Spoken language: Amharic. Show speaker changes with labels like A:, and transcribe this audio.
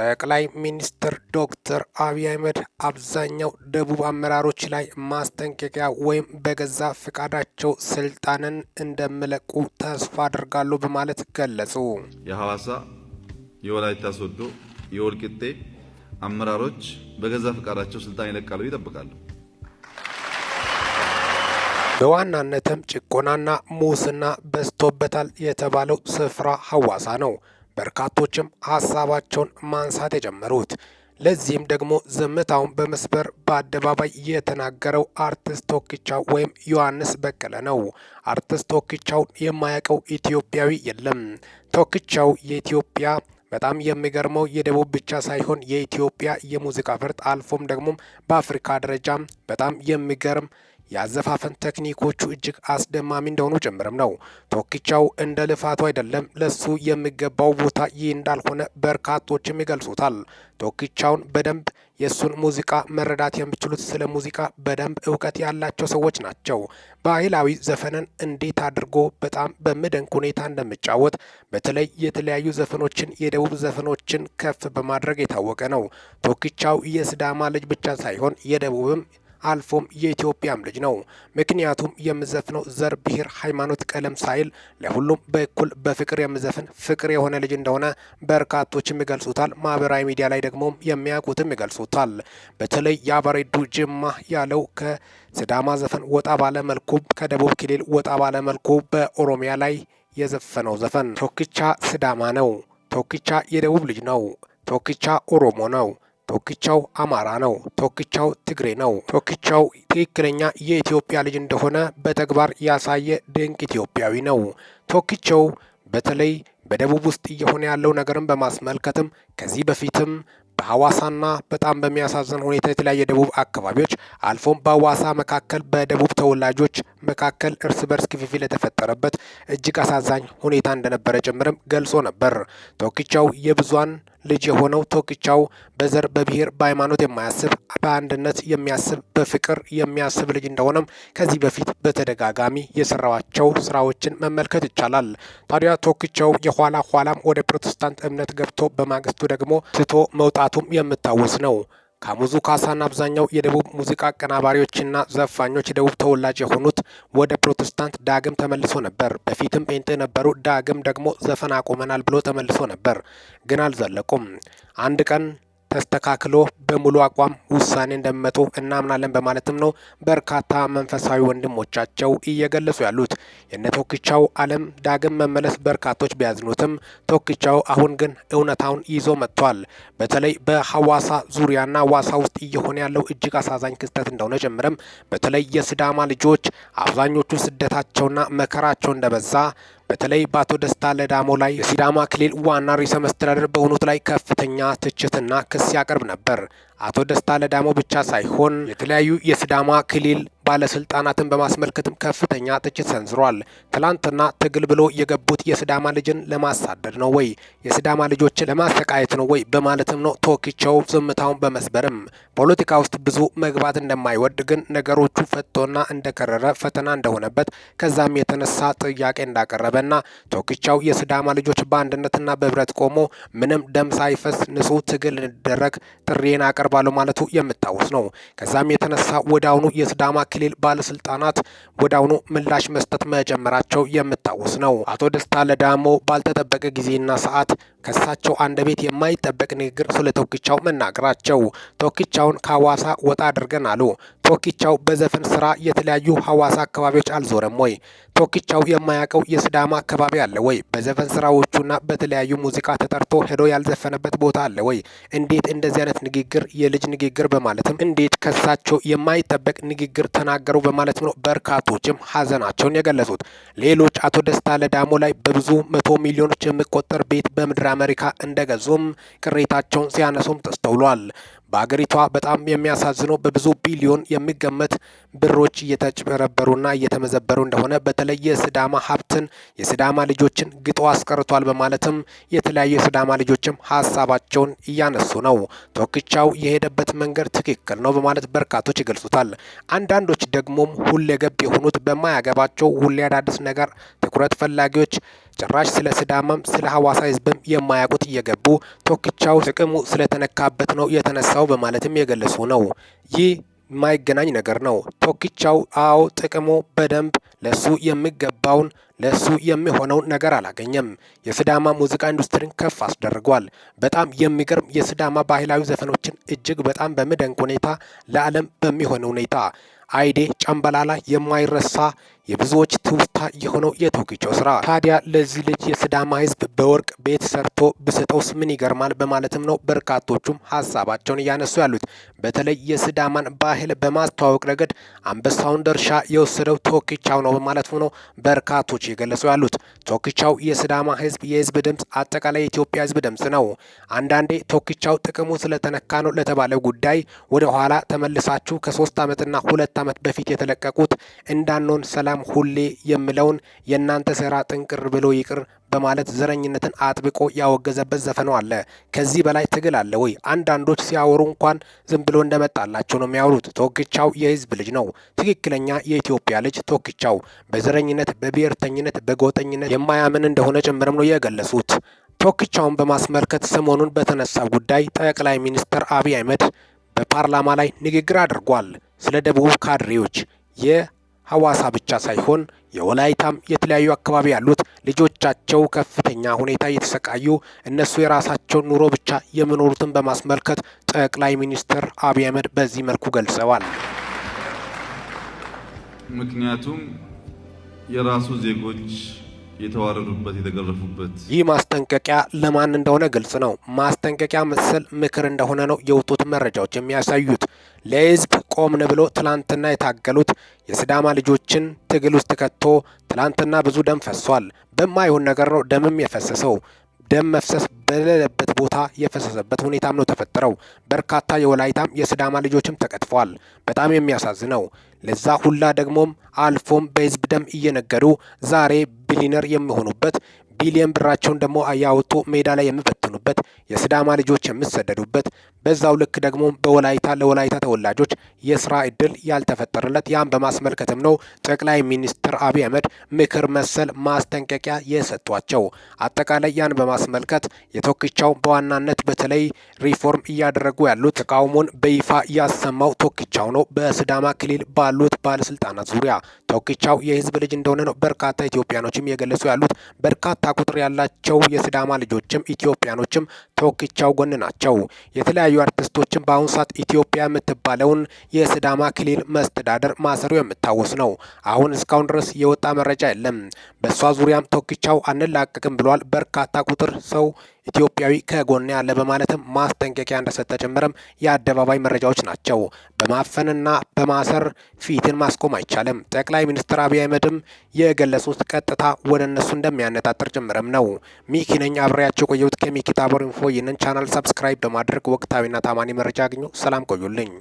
A: ጠቅላይ ሚኒስትር ዶክተር አብይ አህመድ አብዛኛው ደቡብ አመራሮች ላይ ማስጠንቀቂያ ወይም በገዛ ፍቃዳቸው ስልጣንን እንደሚለቁ ተስፋ አድርጋሉ በማለት ገለጹ።
B: የሐዋሳ፣ የወላይታ ሶዶ፣ የወልቂጤ አመራሮች በገዛ ፈቃዳቸው ስልጣን ይለቃሉ ይጠብቃሉ።
A: በዋናነትም ጭቆናና ሙስና በዝቶበታል የተባለው ስፍራ ሐዋሳ ነው። በርካቶችም ሀሳባቸውን ማንሳት የጀመሩት። ለዚህም ደግሞ ዝምታውን በመስበር በአደባባይ የተናገረው አርቲስት ቶክቻው ወይም ዮሐንስ በቀለ ነው። አርቲስት ቶኪቻውን የማያውቀው ኢትዮጵያዊ የለም። ቶክቻው የኢትዮጵያ በጣም የሚገርመው የደቡብ ብቻ ሳይሆን የኢትዮጵያ የሙዚቃ ፈርጥ አልፎም ደግሞ በአፍሪካ ደረጃ በጣም የሚገርም የአዘፋፈን ቴክኒኮቹ እጅግ አስደማሚ እንደሆኑ ጭምርም ነው። ቶኪቻው እንደ ልፋቱ አይደለም፣ ለሱ የሚገባው ቦታ ይህ እንዳልሆነ በርካቶችም ይገልጹታል። ቶኪቻውን በደንብ የእሱን ሙዚቃ መረዳት የሚችሉት ስለ ሙዚቃ በደንብ እውቀት ያላቸው ሰዎች ናቸው። ባህላዊ ዘፈንን እንዴት አድርጎ በጣም በሚደንቅ ሁኔታ እንደሚጫወት በተለይ የተለያዩ ዘፈኖችን የደቡብ ዘፈኖችን ከፍ በማድረግ የታወቀ ነው። ቶኪቻው የስዳማ ልጅ ብቻ ሳይሆን የደቡብም አልፎም የኢትዮጵያም ልጅ ነው። ምክንያቱም የምዘፍነው ዘር፣ ብሔር፣ ሃይማኖት፣ ቀለም ሳይል ለሁሉም በእኩል በፍቅር የምዘፍን ፍቅር የሆነ ልጅ እንደሆነ በርካቶችም ይገልጹታል። ማህበራዊ ሚዲያ ላይ ደግሞ የሚያውቁትም ይገልጹታል። በተለይ የአበሬዱ ጅማ ያለው ከስዳማ ዘፈን ወጣ ባለ መልኩ ከደቡብ ክልል ወጣ ባለ መልኩ በኦሮሚያ ላይ የዘፈነው ዘፈን ቶክቻ ስዳማ ነው። ቶክቻ የደቡብ ልጅ ነው። ቶክቻ ኦሮሞ ነው። ቶክቻው አማራ ነው፣ ቶክቻው ትግሬ ነው፣ ቶክቻው ትክክለኛ የኢትዮጵያ ልጅ እንደሆነ በተግባር ያሳየ ድንቅ ኢትዮጵያዊ ነው። ቶክቻው በተለይ በደቡብ ውስጥ እየሆነ ያለው ነገርን በማስመልከትም ከዚህ በፊትም በሐዋሳና በጣም በሚያሳዝን ሁኔታ የተለያዩ ደቡብ አካባቢዎች አልፎም በሐዋሳ መካከል በደቡብ ተወላጆች መካከል እርስ በርስ ክፍፍል የተፈጠረበት እጅግ አሳዛኝ ሁኔታ እንደነበረ ጭምርም ገልጾ ነበር። ቶክቻው የብዙን ልጅ የሆነው ቶክቻው በዘር በብሔር በሃይማኖት የማያስብ በአንድነት የሚያስብ በፍቅር የሚያስብ ልጅ እንደሆነም ከዚህ በፊት በተደጋጋሚ የሰራቸው ስራዎችን መመልከት ይቻላል። ታዲያ ቶክቻው የኋላ ኋላም ወደ ፕሮቴስታንት እምነት ገብቶ በማግስቱ ደግሞ ትቶ መውጣቱም የምታወስ ነው። ከሙዙ ካሳን አብዛኛው የደቡብ ሙዚቃ አቀናባሪዎችና ዘፋኞች የደቡብ ተወላጅ የሆኑት ወደ ፕሮቴስታንት ዳግም ተመልሶ ነበር። በፊትም ጴንጤ ነበሩ። ዳግም ደግሞ ዘፈን አቁመናል ብሎ ተመልሶ ነበር፣ ግን አልዘለቁም። አንድ ቀን ተስተካክሎ በሙሉ አቋም ውሳኔ እንደሚመጡ እናምናለን በማለትም ነው በርካታ መንፈሳዊ ወንድሞቻቸው እየገለጹ ያሉት። የነ ቶክቻው አለም ዳግም መመለስ በርካቶች ቢያዝኑትም ቶክቻው አሁን ግን እውነታውን ይዞ መጥቷል። በተለይ በሐዋሳ ዙሪያና ዋሳ ውስጥ እየሆነ ያለው እጅግ አሳዛኝ ክስተት እንደሆነ ጀምረም በተለይ የስዳማ ልጆች አብዛኞቹ ስደታቸውና መከራቸው እንደበዛ በተለይ በአቶ ደስታ ለዳሞ ላይ የሲዳማ ክልል ዋና ርዕሰ መስተዳደር በሆኑት ላይ ከፍተኛ ትችትና ክስ ያቀርብ ነበር። አቶ ደስታ ለዳሞ ብቻ ሳይሆን የተለያዩ የሲዳማ ክልል ባለስልጣናትን በማስመልከትም ከፍተኛ ትችት ሰንዝሯል። ትላንትና ትግል ብሎ የገቡት የስዳማ ልጅን ለማሳደድ ነው ወይ የስዳማ ልጆችን ለማሰቃየት ነው ወይ በማለትም ነው ቶኪቸው ዝምታውን በመስበርም ፖለቲካ ውስጥ ብዙ መግባት እንደማይወድ ግን ነገሮቹ ፈጦና እንደከረረ ፈተና እንደሆነበት ከዛም የተነሳ ጥያቄ እንዳቀረበና ቶኪቻው የስዳማ ልጆች በአንድነትና በህብረት ቆሞ ምንም ደም ሳይፈስ ንጹህ ትግል እንዲደረግ ጥሪን አቀርባለሁ ማለቱ የምታወስ ነው። ከዛም የተነሳ ወደ አሁኑ ክልል ባለስልጣናት ወዳውኑ ምላሽ መስጠት መጀመራቸው የምታወስ ነው። አቶ ደስታ ለዳሞ ባልተጠበቀ ጊዜና ሰዓት ከሳቸው አንደበት የማይጠበቅ ንግግር ስለ ቶክቻው መናገራቸው ቶክቻውን ከሀዋሳ ወጣ አድርገን አሉ ቶኪቻው በዘፈን ስራ የተለያዩ ሀዋሳ አካባቢዎች አልዞረም ወይ? ቶኪቻው የማያውቀው የስዳማ አካባቢ አለ ወይ? በዘፈን ስራዎቹና በተለያዩ ሙዚቃ ተጠርቶ ሄዶ ያልዘፈነበት ቦታ አለ ወይ? እንዴት እንደዚህ አይነት ንግግር የልጅ ንግግር በማለትም እንዴት ከሳቸው የማይጠበቅ ንግግር ተናገሩ በማለት ነው በርካቶችም ሀዘናቸውን የገለጹት። ሌሎች አቶ ደስታ ለዳሞ ላይ በብዙ መቶ ሚሊዮኖች የሚቆጠር ቤት በምድር አሜሪካ እንደገዙም ቅሬታቸውን ሲያነሱም ተስተውሏል። በአገሪቷ በጣም የሚያሳዝነው በብዙ ቢሊዮን የሚገመት ብሮች እየተጭበረበሩና እየተመዘበሩ እንደሆነ በተለየ ስዳማ ሀብትን የስዳማ ልጆችን ግጦ አስቀርቷል በማለትም የተለያዩ የስዳማ ልጆችም ሀሳባቸውን እያነሱ ነው። ቶክቻው የሄደበት መንገድ ትክክል ነው በማለት በርካቶች ይገልጹታል። አንዳንዶች ደግሞም ገብ የሆኑት በማያገባቸው ሁሌ አዳዲስ ነገር ትኩረት ፈላጊዎች ጭራሽ ስለ ስዳማም ስለ ሀዋሳ ህዝብም የማያውቁት እየገቡ ቶክቻው ጥቅሙ ስለተነካበት ነው የተነሳው በማለትም የገለጹ ነው። ይህ የማይገናኝ ነገር ነው። ቶክቻው አዎ ጥቅሙ በደንብ ለሱ የሚገባውን ለሱ የሚሆነውን ነገር አላገኘም። የስዳማ ሙዚቃ ኢንዱስትሪን ከፍ አስደርጓል። በጣም የሚገርም የስዳማ ባህላዊ ዘፈኖችን እጅግ በጣም በሚደንቅ ሁኔታ ለዓለም በሚሆን ሁኔታ አይዴ ጨምበላላ የማይረሳ የብዙዎች ትውስታ የሆነው የቶክቻው ስራ ታዲያ ለዚህ ልጅ የስዳማ ህዝብ በወርቅ ቤት ሰርቶ ብስጠውስ ምን ይገርማል በማለትም ነው በርካቶቹም ሀሳባቸውን እያነሱ ያሉት። በተለይ የስዳማን ባህል በማስተዋወቅ ረገድ አንበሳውን ድርሻ የወሰደው ቶክቻው ነው በማለት ነው በርካቶች የገለጹ ያሉት። ቶክቻው የስዳማ ህዝብ የህዝብ ድምፅ፣ አጠቃላይ የኢትዮጵያ ህዝብ ድምፅ ነው። አንዳንዴ ቶኪቻው ጥቅሙ ስለተነካ ነው ለተባለ ጉዳይ ወደ ኋላ ተመልሳችሁ ከሶስት ዓመትና ሁለት ዓመት በፊት የተለቀቁት እንዳንሆን ሰላም እናም ሁሌ የምለውን የእናንተ ሴራ ጥንቅር ብሎ ይቅር በማለት ዘረኝነትን አጥብቆ ያወገዘበት ዘፈኑ አለ። ከዚህ በላይ ትግል አለ ወይ? አንዳንዶች ሲያወሩ እንኳን ዝም ብሎ እንደመጣላቸው ነው የሚያወሩት። ቶክቻው የህዝብ ልጅ ነው። ትክክለኛ የኢትዮጵያ ልጅ ቶክቻው በዘረኝነት፣ በብሔርተኝነት፣ በጎጠኝነት የማያምን እንደሆነ ጭምርም ነው የገለጹት። ቶክቻውን በማስመልከት ሰሞኑን በተነሳው ጉዳይ ጠቅላይ ሚኒስትር አብይ አህመድ በፓርላማ ላይ ንግግር አድርጓል። ስለ ደቡብ ካድሬዎች ሐዋሳ ብቻ ሳይሆን የወላይታም የተለያዩ አካባቢ ያሉት ልጆቻቸው ከፍተኛ ሁኔታ እየተሰቃዩ እነሱ የራሳቸውን ኑሮ ብቻ የሚኖሩትን በማስመልከት ጠቅላይ ሚኒስትር አብይ አህመድ በዚህ መልኩ ገልጸዋል።
B: ምክንያቱም የራሱ ዜጎች የተዋረዱበት የተገረፉበት።
A: ይህ ማስጠንቀቂያ ለማን እንደሆነ ግልጽ ነው። ማስጠንቀቂያ መሰል ምክር እንደሆነ ነው የወጡት መረጃዎች የሚያሳዩት። ለህዝብ ቆምን ብሎ ትላንትና የታገሉት የስዳማ ልጆችን ትግል ውስጥ ከቶ ትላንትና ብዙ ደም ፈሷል። በማይሆን ነገር ነው ደምም የፈሰሰው። ደም መፍሰስ በሌለበት ቦታ የፈሰሰበት ሁኔታም ነው ተፈጠረው። በርካታ የወላይታም የስዳማ ልጆችም ተቀጥፏል። በጣም የሚያሳዝነው ለዛ ሁላ ደግሞም አልፎም በህዝብ ደም እየነገዱ ዛሬ ቢሊነር የሚሆኑበት ቢሊየን ብራቸውን ደግሞ እያወጡ ሜዳ ላይ የሚበትኑበት የስዳማ ልጆች የሚሰደዱበት በዛው ልክ ደግሞ በወላይታ ለወላይታ ተወላጆች የስራ እድል ያልተፈጠረለት ያን በማስመልከትም ነው ጠቅላይ ሚኒስትር አብይ አህመድ ምክር መሰል ማስጠንቀቂያ የሰጧቸው። አጠቃላይ ያን በማስመልከት የቶክቻው በዋናነት በተለይ ሪፎርም እያደረጉ ያሉት ተቃውሞን በይፋ ያሰማው ቶክቻው ነው። በስዳማ ክልል ባሉት ባለስልጣናት ዙሪያ ቶክቻው የህዝብ ልጅ እንደሆነ ነው በርካታ ኢትዮጵያኖችም የገለጹ ያሉት በርካታ በርካታ ቁጥር ያላቸው የስዳማ ልጆችም ኢትዮጵያኖችም ተወክቻው ጎን ናቸው። የተለያዩ አርቲስቶችም በአሁኑ ሰዓት ኢትዮጵያ የምትባለውን የስዳማ ክልል መስተዳደር ማሰሩ የሚታወስ ነው። አሁን እስካሁን ድረስ የወጣ መረጃ የለም። በእሷ ዙሪያም ተወክቻው አንላቀቅም ብሏል። በርካታ ቁጥር ሰው ኢትዮጵያዊ ከጎን ያለ በማለትም ማስጠንቀቂያ እንደሰጠ ጭምርም የአደባባይ መረጃዎች ናቸው። በማፈንና በማሰር ፊትን ማስቆም አይቻልም። ጠቅላይ ሚኒስትር አብይ አህመድም የገለጹት ቀጥታ ወደ እነሱ እንደሚያነጣጥር ጭምርም ነው። ሚኪ ነኝ አብሬያቸው ቆየሁት። ከሚኪታቦር ኢንፎ። ይህንን ቻናል ሰብስክራይብ በማድረግ ወቅታዊና ታማኒ መረጃ አግኙ። ሰላም ቆዩልኝ።